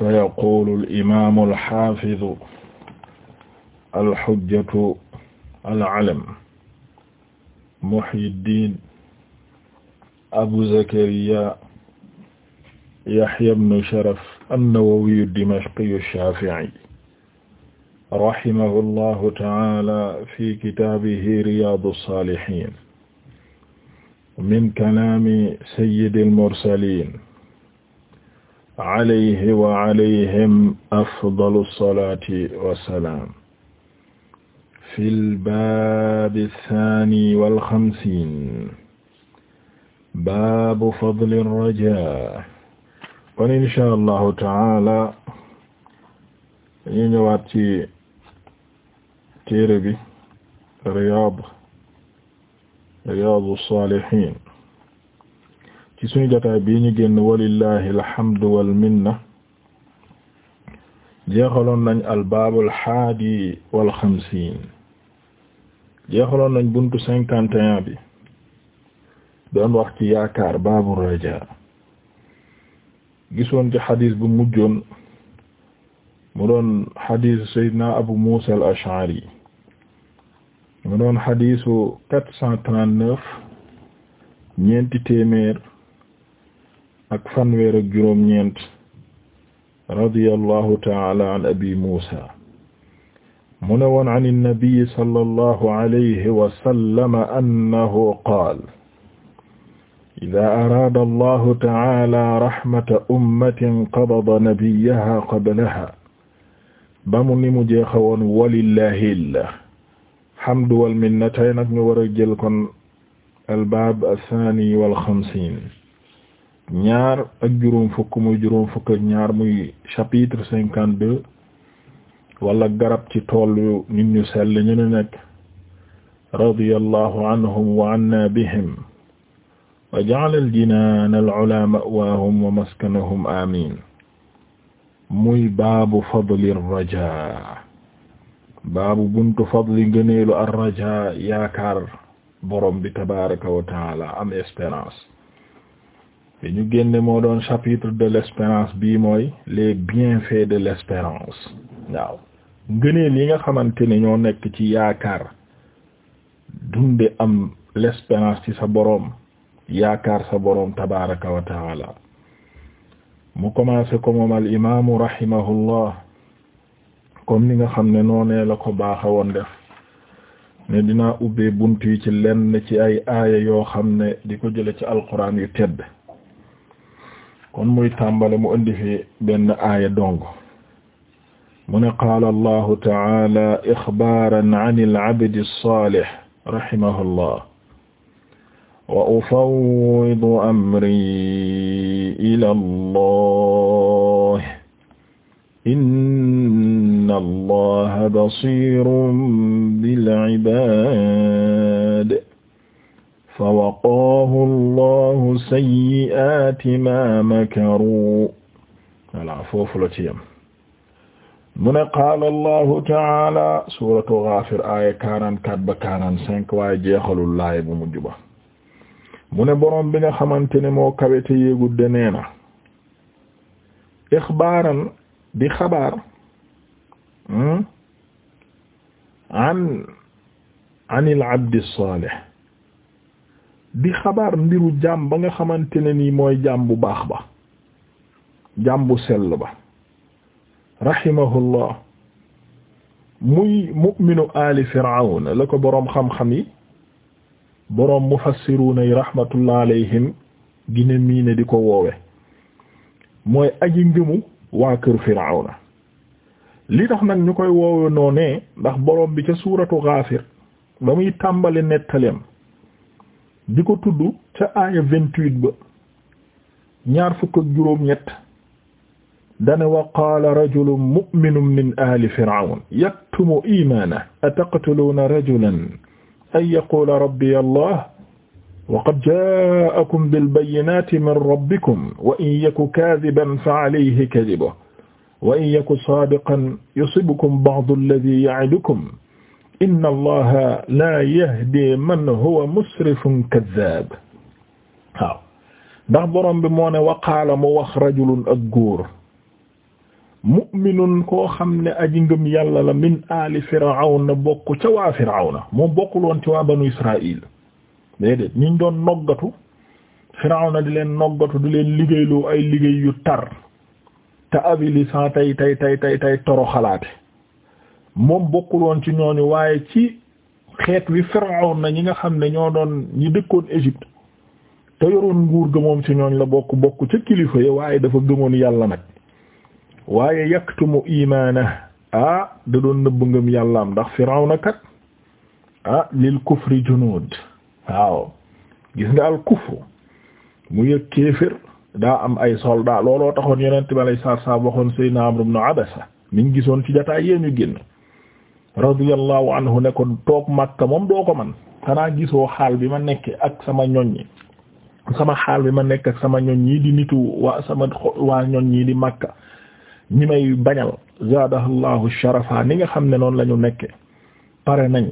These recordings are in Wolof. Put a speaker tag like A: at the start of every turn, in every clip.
A: fa yaqulu al'imamu alxafidu alxujjatu alalam muhyiddin abu zakariya yahya bnu sharaf annawawiyu dimashqiyu shaafi'i rahimahu llahu ta'ala fi kitaabihi riyaadu saalihiin min kalaami sayyidil mursaliin alayhi wa alayhim afdalu salaati wa salaam. fil baabi saani wal xamsiin. baabu fadli rajaa. kon incha allahu ta'ala ñu ñëwaat ci téere bi Riyaad Riyaadu Saalihiin. ci suñu jotaay bii ñu génn walillahi alhamdu wal minna jeexaloon nañ albaabul haadi wal xamsiin jeexaloon nañ buntu cinquante et bi doon wax ci yaakaar baabu raja gisoon ci xadis bu mujjoon mu doon xadisu sayyidina abu muusa al ash'ari mu doon xadisu ñeenti téeméer ak fanweer ak juróom-ñeent radiyallahu ta'ala an abi Musa mu ne woon an an-nabi sallallahu alayhi wa sallam annahu qaala idaa araada allahu ta'ala rahmata ummatin qabada nabiyyaha qablaha ba mu ni mu jeexa woon walillahi alhamdu wal minna tey nag ñu war a jël kon albaab as-saani wal xamsiin ñaar ak juróom fukk muy juróom fukk ñaar muy chapitre cinquante deux wala garab ci toolu nit ñu sell ñu ne nekk radiyallahu anhum wa anna bihim wa ja'ala al-jinaan al-'ulaa ma'waahum wa maskanahum amiin muy baabu fadli ar-rajaa baabu fadli ngëneelu ar-rajaa yaakaar borom wa ta'aala am espérance bi ñu génne moo doon chapitre de l'espérance bii mooy les bienfaits de l'espérance waaw ngëneel yi nga xamante ne ñoo nekk ci yaakaar dunde am l'espérance ci sa boroom yaakaar sa boroom tabaraka wa mu commencé ko moom al imaamu rahimahullah comme ni nga xam ne noonee la ko baaxa woon def ne dinaa ubbee bunt yi ci lenn ci ay aaya yoo xam ne di ko jële ci alquran yu tedd kon muy tàmbale mu indi fi benn aaya dong mu ne qaala allahu taala ixbaaran an alabdi alsalih rahimahu llah wa ufawwidu amri ila allah inna allaha basirun bil ibaad fa waqaahu allahu sayyi'aati ma makaru voilà foofu la ci yem mu ne qaala allahu taala suratu Ghafir aaya 44 ba 45 waaye jeexalul laay bu mujj ba mu ne boroom bi nga xamante ne moo kawete yéegudde nee na ixbaaran di xabaar hmm, an anil abdi salih di xabaar mbiru jàmm ba nga xamante ne nii mooy jàmm bu baax ba jaam bu sell ba rahimahullah muy mu'minu ali firawn la ko boroom xam-xam yi boroom mufassiruuna yi rahmatullah alayhim gine mii ne di ko woowe mooy aji ngëmu waa kër firawna li tax nag ñu koy woowe noonee ndax boroom bi ca suuratu xaafir ba muy tàmbali nettaleem di ko tudd ca aaya vingt-huit ba ñaar fukk ak juróom wa qaala rajulun mu'minun min aali fir'awn yaktumu iimaanahu ataqtuluuna rajulan an yaquula rabbiya allah wa qad jaa'akum bilbayyinaati min rabbikum wa in yaku kaadiban fa alayhi kadibuhu wa in yaku saadiqan yusibkum ba'du inna allaha la yahdi man huwa musrifun kaddaab waaw ndax borom bi moo ne waqaala mu wax rajulun ak góor mu'minun koo xam ne aji ngëm yàlla la min aali firawna bokk ca waa firawna moom bokkul woon ci waa banu israil déedéet ñiñ doon noggatu firawna di leen noggatu di leen liggéeyloo ay liggéey yu tar te abili san tay tay tay tay tay toro xalaate moom bokkul woon ci ñooñu waaye ci xeet wi Firawna na ñi nga xam ne ñoo doon ñi dëkkoon Égypte te yoroon nguur ga moom ci ñooñ la bokk bokk ca kilifa yi waaye dafa gëmoon yàlla nag waaye yaktumu imaana ah da doon nëbb yàlla am ndax Firawna kat ah lil kufri junud waaw gis nga al kufru mu yëg kéefër daa am ay soldat looloo taxoon yonent bi alayhi salaatu wa salaam waxoon Seydina Amr ibn Abasa gisoon ci jotaay yee ñu génn radiyallahu anhu ne ko toog Makka moom doo ko man xanaa gisoo xaal bi ma nekke ak sama ñoññi sama xaal bi ma nekk ak sama ñoñ ñii di nitu waa sama waa ñoñ ñii di Makka ñi may bañal zaadahallahu sharafa ni nga xam ne noonu la ñu nekke pare nañ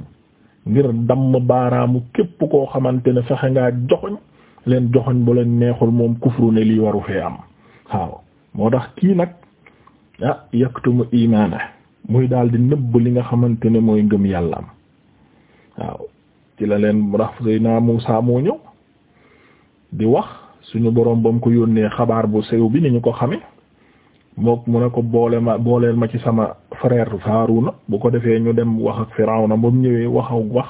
A: ngir damm baaraamu képp koo xamante ne fexe nga joxoñ leen joxoñ bu leen neexul moom kufru ne lii waru fee am waaw moo tax kii nag ah yaktumu imaana muy daal di nëbb li nga xamante ne mooy ngëm yàlla am waaw ci la leen rax Seydina Muusaa moo ñëw di wax suñu boroom ba mu ko yónnee xabaar bu sew bi ni ñu ko xame mook mu ne ko boole ma booleel ma ci sama frère Haaruna bu ko defee ñu dem wax ak Firawna mu ñëwee waxaw wax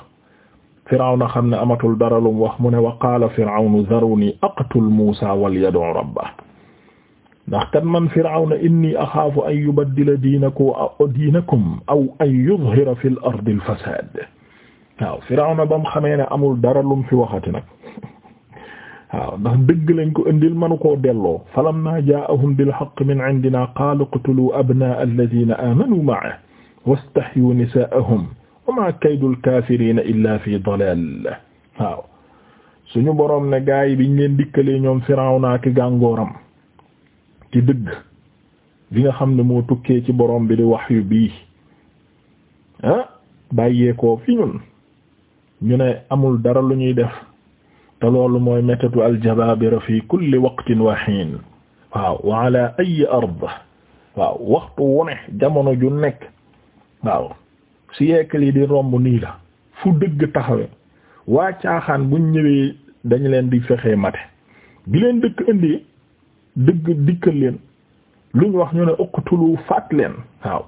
A: Firawna xam ne amatul dara lu mu wax mu ne wa qaala Firawnu zaruni aqtul Muusaa wal yad'u rabbah ndax kat man firawna inni axaafu an yubaddila diinakum aw diinakum aw an yuzhira fil ardi al fasaad waaw firawna bam xamee ne amul dara lum fi waxati nag waaw ndax dëgg lañ ko indil manu koo delloo falammaa jaa'ahum bil haqqi min indina qaalu iqtuluu abnaa'a allaziina aamanuu ma'ahu wastahyuu nisaa'ahum wa maa kaydul kaafiriina illaa fii dalaal waaw suñu boroom ne gaa yi biñ leen dikkalee ñoom firawna ak gàngooram ci dëgg bi nga xam ne moo tukkee ci borom bi di wax yu bii ah bàyyeekoo fi ñun ñu ne amul dara lu ñuy def te loolu mooy metatu aljabaabira fi kulli waqtin wa hiin waaw wa ala ay ard waaw waxtu wu jamono ju nekk waaw siècle yi di romb nii la fu dëgg taxawe waa caaxaan buñ ñëwee dañ leen di fexee mate bi leen dëkk indi dëgg dikkal leen lu ñu wax ñu ne uqtulu faat leen waaw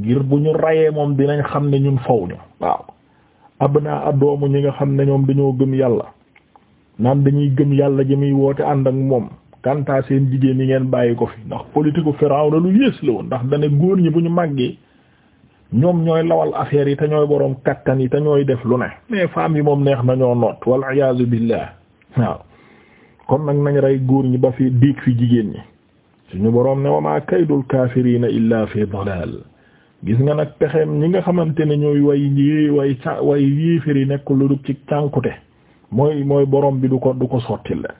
A: ngir bu ñu rayee moom dinañ xam ne ñun faw ñu waaw ab adoomu ñi nga xam ne ñoom dañoo gëm yàlla naan dañuy gëm yàlla ji muy woote ànd ak moom kantaa seen jigéen ñi ngeen bàyyi ko fi ndax politique pharaon na lu yées la woon ndax dane góor ñi bu ñu màggee ñoom ñooy lawal affaires yi te ñooy boroom kattan yi te ñooy def lu ne mais femmes yi moom neex nañoo ñoo noot wal iyaazu billah waaw kon nag nañ rey góor ñi ba fi diig fi jigéen ñi suñu boroom ne wa maa kaydul kaafiriina illa fi dalaal gis nga nag pexeem ñi nga xamante ne ñooy way yi way ca way yéeféri nekk lu dul ci cànkute mooy mooy borom bi du ko du ko sottil la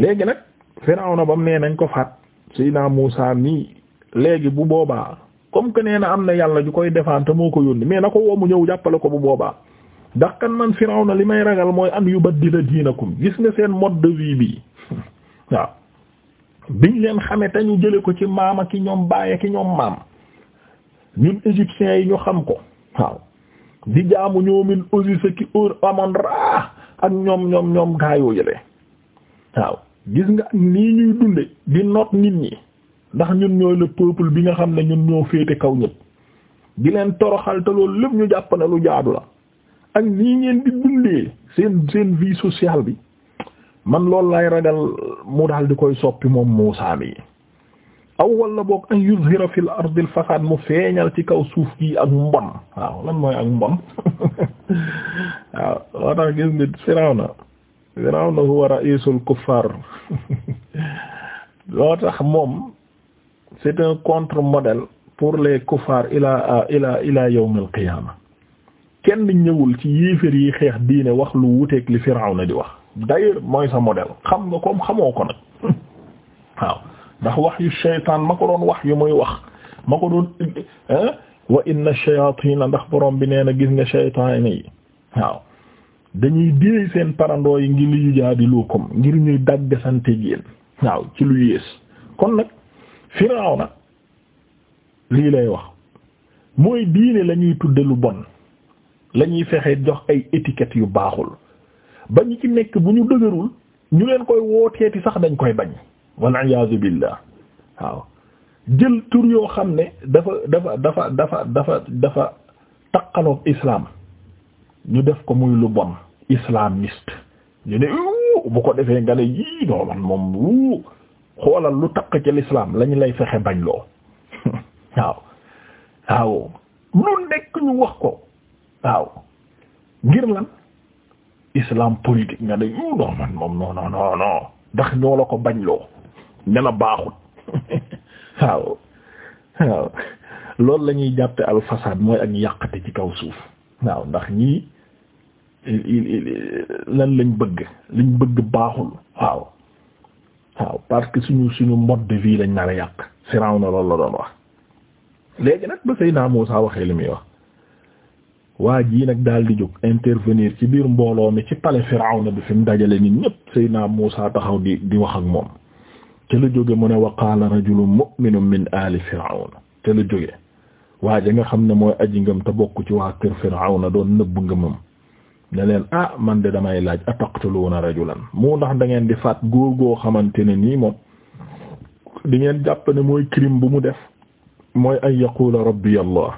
A: léegi nag Firawna bam nee nañ ko faat Seydina Muusaa nii léegi bu boobaa comme que nee na am na yàlla ju koy defante moo ko yónni mais na ko woo mu ñëw jàppale ko bu boobaa ndax kan man na li may ragal mooy yu an yubaddila diinakum gis nga seen mode de vie bi waaw biñ leen xamee te ñu jële ko ci maama ki ñoom baay ki ñoom maam ñun égyptiens yi ñu xam ko waaw di jaamu ñoomin Osiris ki ur Amon Ra ak ñoom ñoom ñoom gaayoo yële waaw gis nga nii ñuy dunde di noot nit ñi ndax ñun ñooy le peuple bi nga xam ne ñun ñoo féete kaw ñëpp di leen toroxal te loolu lépp ñu jàpp ne lu jaadu la ak nii ngeen di dundee seen seen vie sociale bi man loolu lay ragal mu daal di koy soppi moom Muusaa mi aw wala boog an yuzhira fil ardil fasaad mu feeñal ci kaw suuf gi ak mbon waaw lan mooy ak mbon waaw loo tax gis ni Firawna Firawna huwa ra'isul kuffar loo tax moom c'est un contre-modèle pour les kuffar ila ila ila yawm al kenn ñëwul ci yéeféer yi xeex diine wax lu wuteek li Firawna di wax d'ailleurs mooy sa modèle xam nga comme xamoo ko nag waaw ndax wax yu shaytaan ma ko doon wax yu muy wax ma ko doon wa inna ndax borom bi nee na gis nga shaytaan yi waaw seen parandoo yi ngi liyu jaadilukum ngir ñuy daggasante yéen waaw ci lu yées kon nag Firawna lii lay wax mooy diine lañuy tudde lu bon lañuy fexe jox ay étiquettes yu baaxul ba ñu ci nekk bu ñu dëgërul ñu leen koy wooteeti sax dañ koy bañ walla iyaazu billah waaw jël tur yoo xam ne dafa dafa dafa dafa dafa dafa taqaloog ñu def ko muy lu bon islamiste ñu ne bu ko defee nga ne yii doo moom wuu xoolal lu taq ci l'islam lañu lay fexe bañ loo waaw waaw lu nekk ñu wax ko waaw ngir lan islam politique nga ne non hmm, non man moom non non ndax ñoo la ko bañ loo ne la baaxut waaw waaw loolu la ñuy jàppe al mooy ak yàqate ci kaw suuf waaw ndax ñii lan lañ bëgg lañ bëgg baaxul waaw waaw parce que suñu suñu mode de vie lañ nar a yàq Firawna loolu la doon wax léegi nag ba naa Muusaa waxee li muy wax waa jii nag daal di jóg intervenir ci biir mbooloo mi ci palais Firawna bi fi mu dajale nit ñëpp Seydina Muusaa taxaw di di wax ak moom te la jóge mu ne wa qaala rajulun mu'minun min aali Firawna jóge waa ja nga xam ne mooy aji ngëm te bokk ci waa kër Firawna doon nëbb ngëmam ne leen ah man de damay laaj ataqtuluuna rajulan mu ndax da ngeen di faat góor goo xamante ne nii moom di ngeen jàpp ne mooy crime bu mu def mooy ay yaqula rabbi allah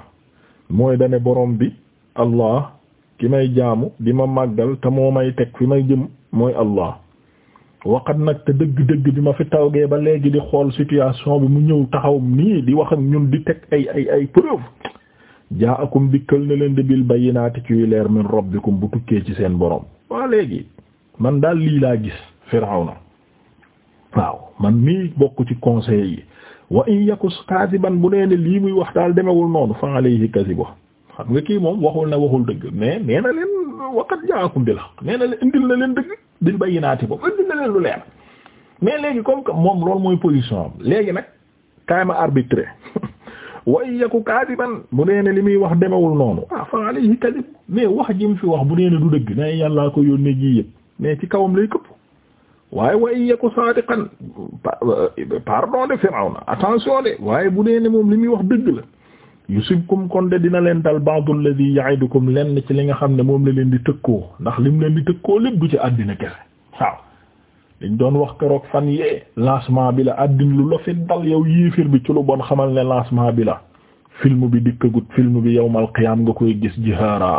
A: mooy dane borom bi allah ki may jaamu di ma màggal te moo may teg fi may jëm mooy allah waqat nag te dëgg-dëgg bi ma fi tawgee ba léegi di xool situation bi mu ñëw taxaw nii di wax ak ñun di teg ay ay ay preuve jaa akum dikkal na leen di bil bayyinaati ci leer min rabbikum bu tukkee ci seen borom waa léegi man daal lii laa gis firawna waaw man mii bokk ci conseil yi wa in yakus kaasiban bu nee ne lii muy wax daal demewul noonu fa alayhi kasibo xam nga kii moom waxul na waxul dëgg mais nee na leen waqat jaakum bil haqq nee na leen indil na leen dëgg bil bayyinaati boobu indil na leen lu leer mais léegi comme que moom loolu mooy position am léegi nag kaay ma arbitré wa yaku kaadiban bu dee ne li muy wax demewul noonu ah fa alayhi kadib mais wax jim fi wax bu dee ne du dëgg ne yàllaa ko yónnee ji yëpp mais ci kawam lay këpp waaye wa yaku saadiqan euh, pardon de Firawna attention de waaye bu dee ne moom li muy wax dëgg la yusibkum kon de dina leen dal ba'du alladhi ya'idukum lenn ci li nga xam ne moom la leen di tëkkoo ndax lim leen di tëkkoo lépp du ci àddina kese waaw liñ doon wax keroog fan yee lancement bi la àddina lu la fi dal yow yéefir bi ci lu bon xamal ne lancement bi la film bi dikkagut film bi yawmal qiyaam nga koy gis jihaara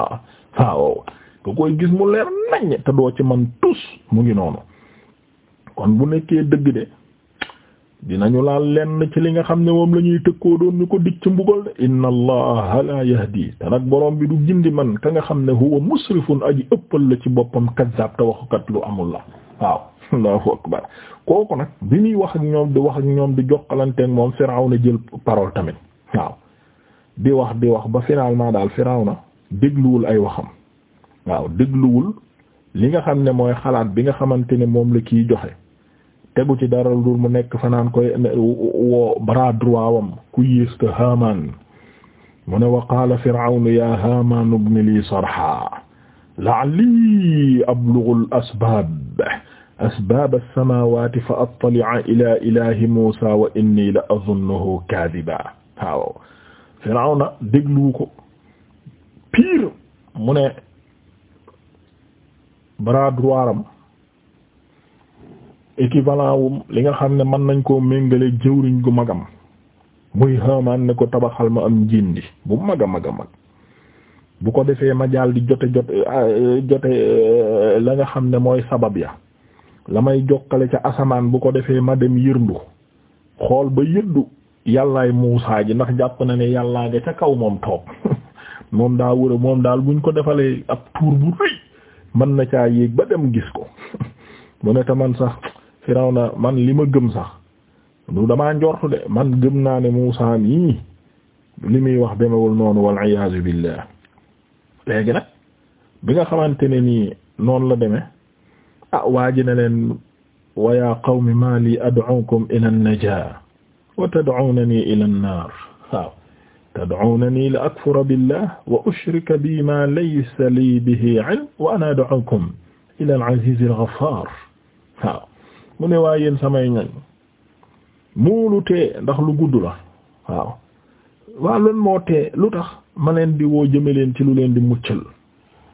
A: waaw nga koy gis mu leer naññ te doo ci man tus mu ngi noonu kon bu nekkee dëgg de dinañu laal lenn ci li nga xam ne moom la ñuy tëkkoo doon ñu ko dik ci mbugal de inna allaha la yahdi te nag borom bi du gindi man ka nga xam ne huwa musrifun aji ëppal la ci boppam kazzab te waxukat lu amul la waaw allahu akbar kooku nag bi muy wax ak ñoom di wax ak ñoom di joxalanteeg moom Firawna jël parool tamit waaw di wax di wax ba finalement daal na dégluwul ay waxam waaw dégluwul li nga xam ne mooy xalaat bi nga xamante ne moom la kiy joxe tegu ci dara lu dul mu nekk fanaan koy woo bras droit wam ku yées te Haamaan mu ne wa qaala Firawnu yaa Haamaan ibni lii sarhaa la'allii ablughu al-asbaab asbaab as-samaawaati fa attali'a ilaa ilaahi Muusaa wa innii la azunnuhu kaadiban waaw Firawna déglu ko pire mu ne bras droit am équivalent wum li nga xam ne mën nañ koo méngale jëwriñ gu magam muy Haamaan ne ko tabaxal ma am njindi bu mag a mag a bu ko defee ma jaal di jote jote ah, jote euh, la nga xam ne mooy sabab ya la may jokkale ca asamaan bu ko defee ma dem yërndu xool ba yëddu yàllaay Muusaa ji ndax jàpp na ne yàllaa nga ca kaw moom toog moom daa wër moom daal buñ ko defalee ab tuur bu rëy mën na caa yéeg ba dem gis ko mu ne man sax Firawna man li ma gëm sax du damaa njortu de man gëm naa ne Muusaa mii li muy wax demewul noonu wal iyaazu billah léegi nag bi nga xamante ne nii noonu la demee ah waa ji ne leen wa yaa qawmi maa lii ad'uukum ila an-najaa wa tad'uunanii ila an-naar waaw tad'uunanii li akfura billah wa ushrika bii maa laysa lii bihi ilm wa ana ad'uukum ila al-aziizi al-ghaffaar waaw mu ne waa yéen samay ñoñ muulu tee ndax lu gudd la waaw waa lan moo tee lu tax ma leen di woo jëme leen ci lu leen di muccal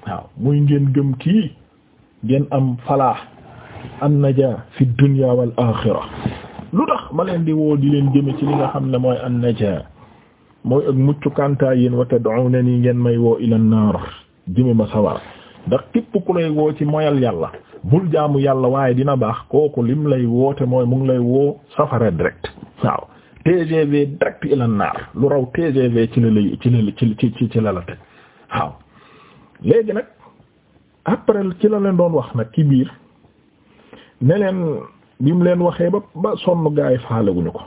A: waaw muy ngeen gëm kii ngeen am falaax am najaa fi dunya wal aaxira lu tax ma leen di woo di leen jëme ci li nga xam ne mooy am najaa mooy ak muccu kantaa yéen ne tad'unani ngeen may woo ilan naar jëme ma sawar ndax képp ku lay woo ci moyal yàlla bul jàmm yàlla waaye dina baax kooku lim lay woote mooy mu ngi lay woo safara direct waaw TGV direct ila naar lu raw TGV ci la ci la ci ci ci la teg waaw léegi nag après ci la leen doon wax nag ci biir ne leen bi mu leen waxee ba ba sonn gaa yi faalewuñu ko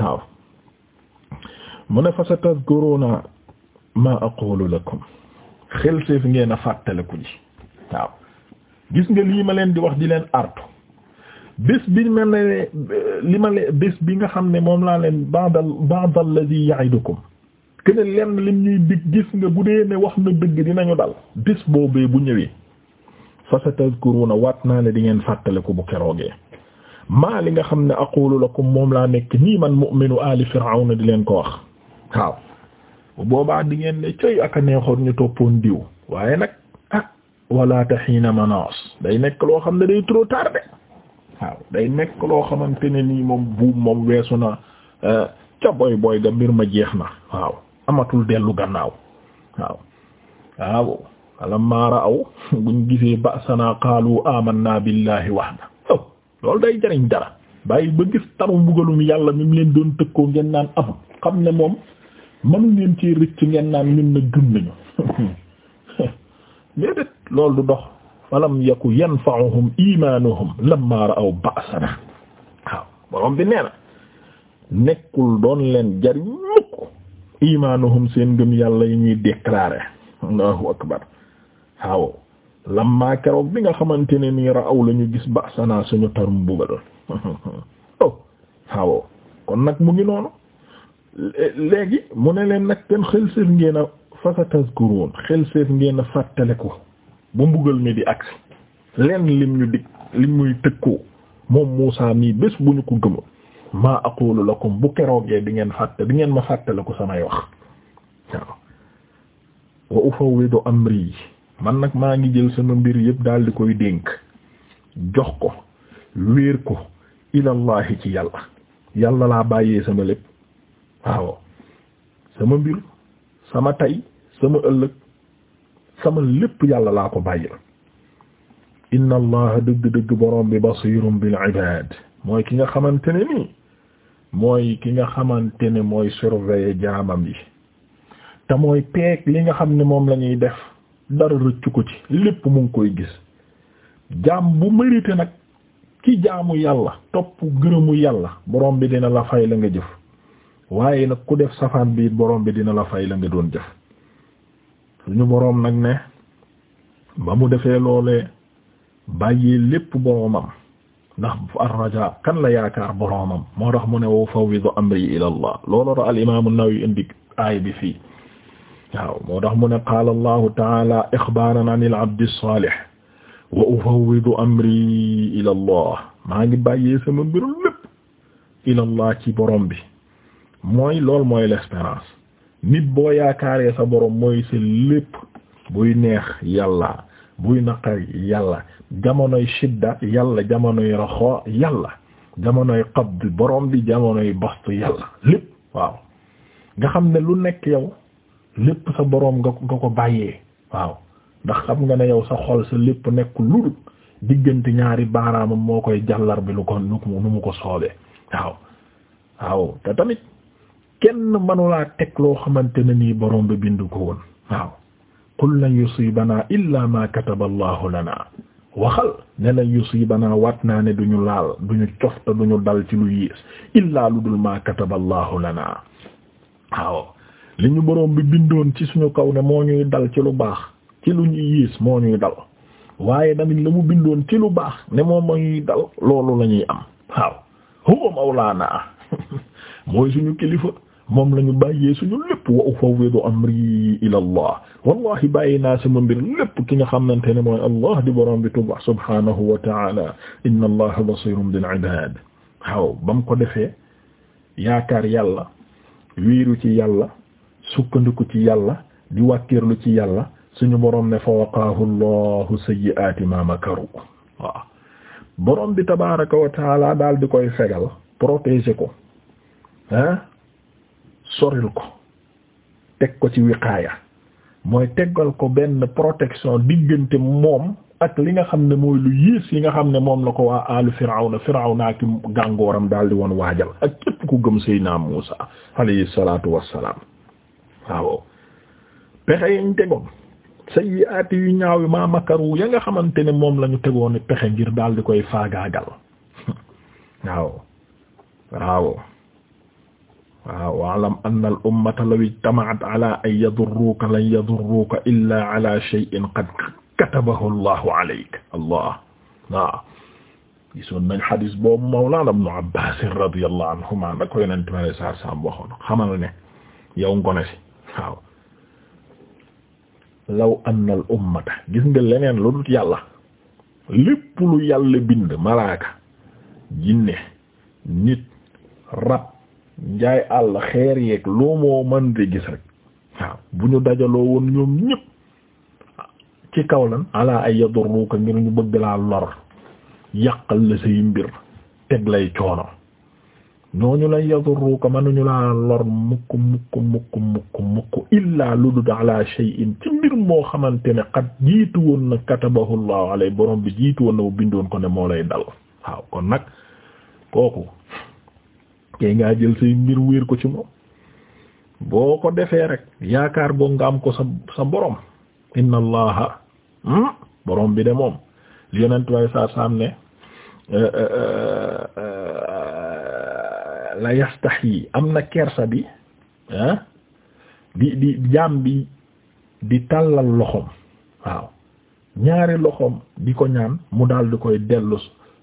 A: waaw mu ne fa satadkuruna ma aqulu lakum xel seef ngeen a fàttaliku ji waaw gis nga lii ma leen di wax di leen artu bés bi ma ne li ma leen bés bi nga xam ne moom laa leen ba'da ba'da alladhi ya'idukum kene lenn lim ñuy dig gis nga bu dee ne wax na dëgg dinañu dal bés boobee bu ñëwee fa satadhkuruna waat naa ne di ngeen fàttale ko bu keroogee maa li nga xam ne aqulu lakum moom laa nekk nii man mu'minu ali fir'auna di leen ko wax waaw boobaa di ngeen ne coy ak a neexoon ñu toppoon diw waaye nag wala taxiina manaas day nekk loo xam ne day trop tardé waaw day nekk loo xamante ne nii moom buum moom weesu na euh, ca boy boy ga mbir ma jeex na waaw amatul dellu gannaaw waaw waaw wala maara aw buñ gisee ba sanaa qaalu amanna billahi wahda aw loolu day jariñ dara bàyyi ba gis taru mbugalum yàlla mi mu leen doon tëkkoo ngeen naan amul xam ne moom mënu leen ci rëcc ngeen naan ñun na nañu déedéet loolu du dox falam yaku yanfa'uhum imanuhum lamma ra'aw ba'sana waaw borom bi nee na nekkul doon leen jariñ mukk imanuhum seen ngëm yàlla yi ñuy déclarer allahu akbar waaw lamma keroog bi nga xamante ne nii ra'aw la ñu gis ba'sana suñu tarum buga doon oh kon nag mu ngi noonu léegi mu ne leen nag kenn xel seen ngeen fa sa xel seet ngeen fàttaliku bu mbugal mi di agsi lenn lim ñu dig lim muy tëkkoo moom Muusaa bés bu ñu ko gëmul maa aqulu lakum bu keroogee di ngeen fàtte di ngeen ma fàttaliku samay wax waaw wa ufawwidu amri man nag maa ngi jël sama mbir yépp dal di koy dénk jox ko wéer ko ilallahi ci yàlla yàlla laa bàyyee sama lépp waaw sama mbir sama tey sama ëllëg sama lépp yàlla laa ko bàyyil inna allaha dëgg-dëgg borom bi basirum bil ibad mooy ki nga xamante ne nii mooy ki nga xamante ne mooy surveiller jaamam yi te mooy peeg li nga xam ni moom lañuy def dara rëccu ko ci lépp mu ngi koy gis jaam bu mérite nag ki jaamu yàlla topp gërëmu yàlla borom bi dina la fay la nga jëf waaye nag ku def safaan bi borom bi dina la fay la nga doon jëf suñu borom nag ne ba mu defee loolee bàyyi lépp boromam ndax ar-rajaa kan la yaakaar boromam moo dax mu ne wa fawwidu amri ila Allah looloo tax al-imaam an-Nawawi indi aay bi fii waaw moo tax mu ne qaala Allahu ta'aala ixbaaran an al-abdi as-saalih wa ufawwidu amri ila Allah maa ngi bàyyee sama mbir lépp ila Allah ci borom bi. mooy loolu mooy l'espérance nit boo yaakaaree sa boroom mooy sa lépp buy neex yàlla buy naqar yàlla jamonoy shidda yàlla jamonoy raxoo yàlla jamonoy qabd boroom bi jamonoy bast yàlla lépp waaw nga xam ne lu nekk yow lépp sa boroom nga nga ko bàyyee waaw ndax xam nga ne yow sa xol sa lépp nekkul lu diggante ñaari baaraamam moo koy jàllar bi lu ko nu mu ko soobee waaw waaw te tamit kenn manulaa teg loo xamante ne nii borom bi bindu ko woon waaw qul lan yusibanaa illaa ma kataba allahu lana waxal ne lan yusibanaa waat naa ne duñu laal duñu cofta duñu dal ci lu yées illaa lu dul ma kataba allahu lana waaw li ñu borom bi bindoon ci suñu kaw ne moo ñuy dal ci lu baax ci lu ñu yées moo ñuy dal waaye damit la mu bindoon ci lu baax ne moom moo ñuy dal loolu lañuy ñuy am waaw huwa mawlaana mooy suñu kilifa moom la ñu bàyyee suñu lépp wa ufawwidu amri ila allah wallahi bàyyi naa sama mbir lépp ki nga xamante ne mooy allah di borom bi tubax subhanahu wa ta'ala inna allaha basirun bil ibad waaw bam ko defee yaakaar yàlla wiiru ci yàlla sukkandiku ci yàlla di wàkkirlu ci yàlla suñu borom ne fa waqaahu allahu sayyi'aati ma makaru waaw borom bi tabaraka wa taala daal di koy fegal protéger ko ah soril ko teg ko ci wiqaaya mooy teggal ko benn protection diggante moom ak li nga xam ne mooy lu yées yi nga xam ne moom la ko waa alu firawna firawna ki gàngooram daal di woon waajal ak képp ku gëm Seydina Muusa alayhi salaatu wassalaam waaw pexe yañ tegoon sayyi'aati yu ñaaw yi maa makaru ya nga xamante ne moom la ñu tegoon pexe ngir daal di koy faagaagal waaw waaw waalam anna al ummata law ijtama'at ala an yadurruka lan yadurruka illa ala shay'in qad katabahu allahu alayk allah waaw gisoon nañ xadis boobu mawlaana ibnu abbaas radiyallahu anhuma na ko yonent ma saa saam waxoon xamal ne yow ngone si waaw law anna al ummata gis nga leneen lu dut yàlla lépp lu yàlla bind malaaka jinne nit rab njaay àll xeer yeeg loo moo mën di gis rek waaw bu ñu dajaloo woon ñoom ñëpp ci kaw lan alaa ay yadurruka ngir ñu bëgg laa lor yàqal la say mbir teg lay coono ñooñu lay yadurruka ñu laa lor mukk mukk mukk mukk mukk illaa lu dud ala shay'in ci mbir moo xamante ne xat jiitu woon na katabahu Allahu alay borom bi jiitu woon na bu bindoon ko ne moo lay dal waaw kon nag kooku tey ngaa jël say mbir wéer ko ci moom boo ko defee rek yaakaar boo nga am ko sa sa borom inna allaha hmm? borom bi de moom li yonent way saa saam ne eh, eh, eh, la yastaxyi am na kersa bi di di jaam bi di tàllal loxoom waaw ñaari loxoom di ko ñaan mu dal di koy dellu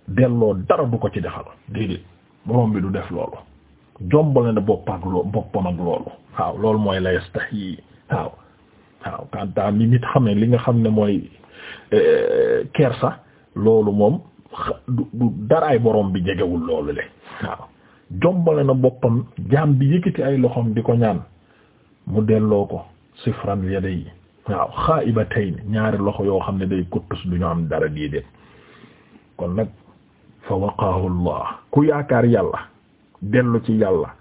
A: delloo dara du ko ci defal déedéet borom bi du def loolu jombale na boppam ak loolu boppam ak loolu waaw loolu mooy la yastahi waaw waaw kantaa mi nit xam ne li nga xam ne mooy euh, kersa loolu moom du du daraay borom bi jegewul loolu le waaw jombale na boppam jaam bi yëkkati ay loxoom di ko ñaan mu delloo ko sifran yade yi waaw xaa iba tey ñaari loxo yoo xam ne day kuttus du ñu am dara déedéet kon nag fa waqaahu allah ku yaakaar yàlla dellu ci yàlla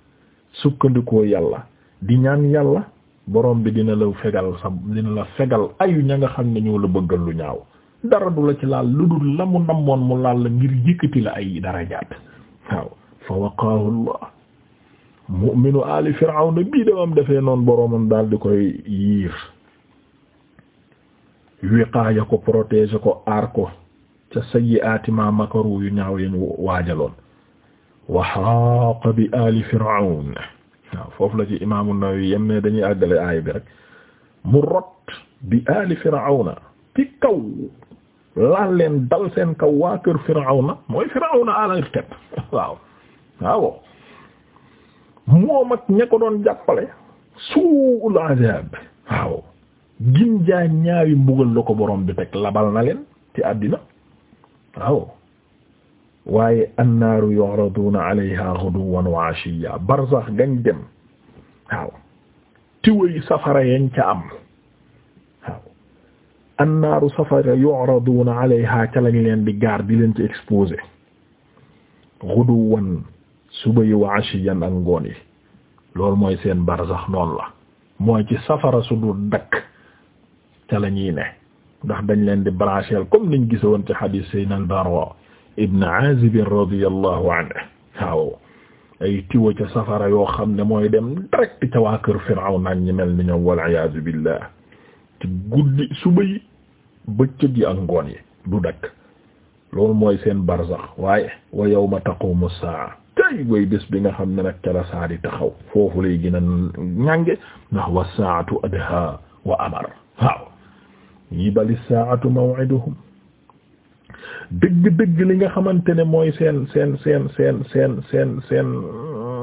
A: sukkandikoo yàlla di ñaan yàlla boroom bi dina la fegal sa dina la fegal ayu ña nga xam ne ñoo la bëggal lu ñaaw dara du la ci laal lu dul la mu namoon mu laal la ngir yëkkati la ay darajaat waaw fa waqaahu allah mu'minu ali firawna bii damam defee noonu boromam daal di koy yiir wiqaaya ko protéger ko aar ko ca sayyi'aati ma makaru yu ñaaw yañ waajaloon wa bi ali fir'aun foofu la ci imaamu Nawawi yem dañuy àggale aay bi rek mu rot bi ali firawna ci kaw laal seen kaw waa kër firawna mooy firawna àlal teb waaw waaw moom doon jàppale suul azab waaw ñaawi mbugal la ko borom bi teg labal na leen ci àddina waaw waaye annaaru yu'raduna alayha ghuduwan wa 'ashiyya barzax gañ dem waaw tiway safara yañ ca am waaw annaaru safara yu'raduna alayha ca lañ leen di gaar di leen ci exposé ghuduwan suba yi wa 'ashiyyan ak ngoon yi loolu mooy seen barzax noonu la mooy ci safara su dul dakk ca la ñuy ne ndax dañ leen di branché comme niñ gisoon ci hadith Seydina al-Bara ibn Azib radiyallahu anhu ay tiwo ca safara yoo xam ne mooy dem direct ca waa Fir'awn naan ñi mel ni ñoom wal iyaazu billah ci guddi suba yi bëccëg yi ak ngoon du dakk loolu mooy seen barzax waaye wa yawma taqumu saa tey way bés bi nga xam ne nag ca la taxaw foofu lay gën a ñànge ndax wa saatu adha wa amar waaw yi bali saatu maw'iduhum dëgg-dëgg li nga xamante ne mooy seen seen seen seen seen seen seen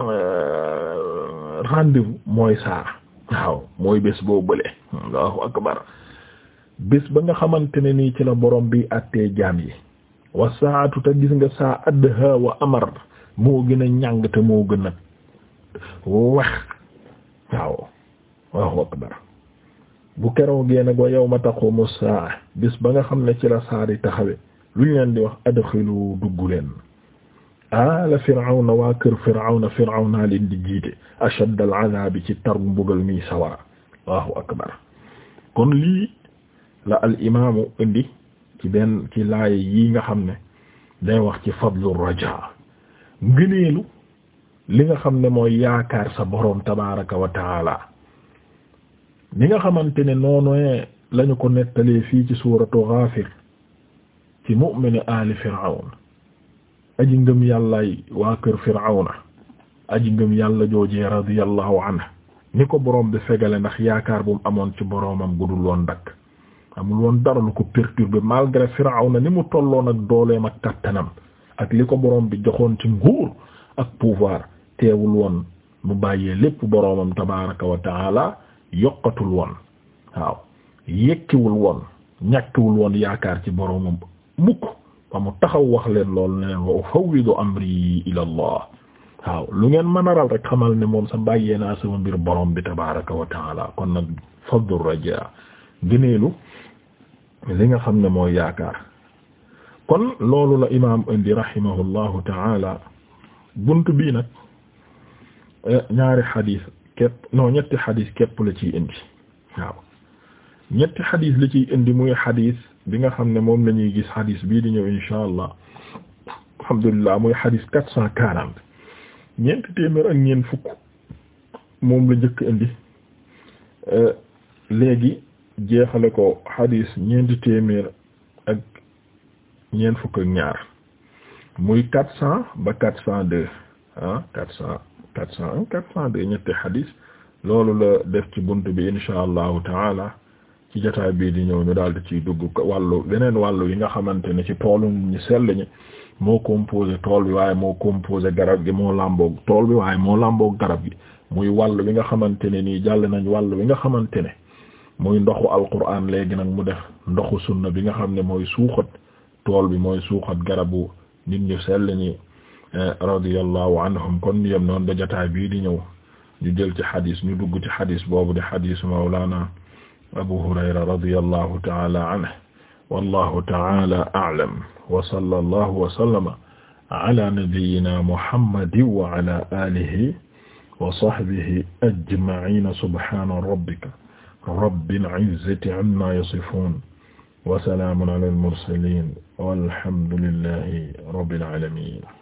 A: euh, rendez-vous mooy saa waaw mooy bés boo bële allahu akbar bés ba nga xamante ne nii ci la borom bi àttee jaam yi wa saatu te gis nga saa adha wa amar moo gën a ñàng te moo gën a wax waaw allahu akbar bu keroo génne ba yawma taqumu saa bis ba nga xam ne ci la saa taxawe lu ñu leen di wax adxilu dugg leen ala firawna waa kër firawna firawna leen di jiite ashadd al azaabi ci tar mbugal mi sawara allahu akbar kon lii la al imaamu indi ci benn ci laay yi nga xam ne day wax ci fadlu rajaa ngëneelu li nga xam ne mooy yaakaar sa boroom tabaaraka wa taala ni nga xamante ne noonu lañu ko nettalee fii ci suuratu Ghafir ci mu'mini aali Fir'awn aji ngëm yàllaay waa kër Fir'awna ngëm yàlla joojee radiyallahu anhu ni ko boroom bi fegale ndax yaakaar bu mu amoon ci boroomam gudul woon dakk amul woon dara lu ko perturbé malgré Fir'awna ni mu tolloon ak dooleem ak kattanam ak li ko boroom bi joxoon ci nguur ak pouvoir teewul woon mu bàyyee lépp boroomam tabaaraka wa ta'ala yokkatul woon waaw woon ñàkkiwul woon yaakaar ci boroomam mukk ba mu taxaw wax leen lool ne leen wa ufawwidu amri ila lu ngeen manaral rek xamal ne moom sa bàyyee naa sama mbir borom bi tabaraka wa kon nag faddu raja gëneelu li nga xam ne mooy yaakaar kon loolu la imaam indi rahimahullahu taala bunt bii nag eh, ñaari xadiis képp non ñetti xadis képp la ciy indi waaw ñetti xadis la ciy indi muy xadis bi nga xam ne moom la ñuy gis xadis bii di ñëw insha allah alhamdulillah muy xadis quatre cent quarante ñeent téeméer ak ñeent fukk moom la njëkk indi euh, léegi jeexale ko xadis ñeenti téeméer ak ñeent fukk ak ñaar muy quatre cent ba quatre cent deux ah, quatre cent quatre cent un ñetti xadis loolu la def ci bunt bi insha allahu taala ci jotaay bii di ñëw ñu daal di ciy dugg wàllu beneen wàllu yi nga xamante ne ci toolu ñu sell ñi moo composé tool bi waaye moo composé garab gi moo làmboog tool bi waaye moo làmboog garab gi muy wàll bi nga xamante ne nii jàll nañ wàll bi nga xamante ne muy ndoxu alquran léegi nag mu def ndoxu sunna bi nga xam ne mooy suuxat tool bi mooy suuxat garabu nit ñu sell ñi Eh, radiyallahu anhum kon yem noon ba jotaay bii di ñëw ñu jël ci xadis ñu dugg ci xadis boobu di xadis mawlana abu hurayra radiyallahu ta'ala anhu wallahu ta'ala a'lam wa sallallahu wa sallama ala nabiyyina muhammadin wa ala alihi wa sahbihi ajma'ina subhana rabbika rabbil izzati amma yasifun wa salamun ala al mursalin walhamdulillahi rabbil alamin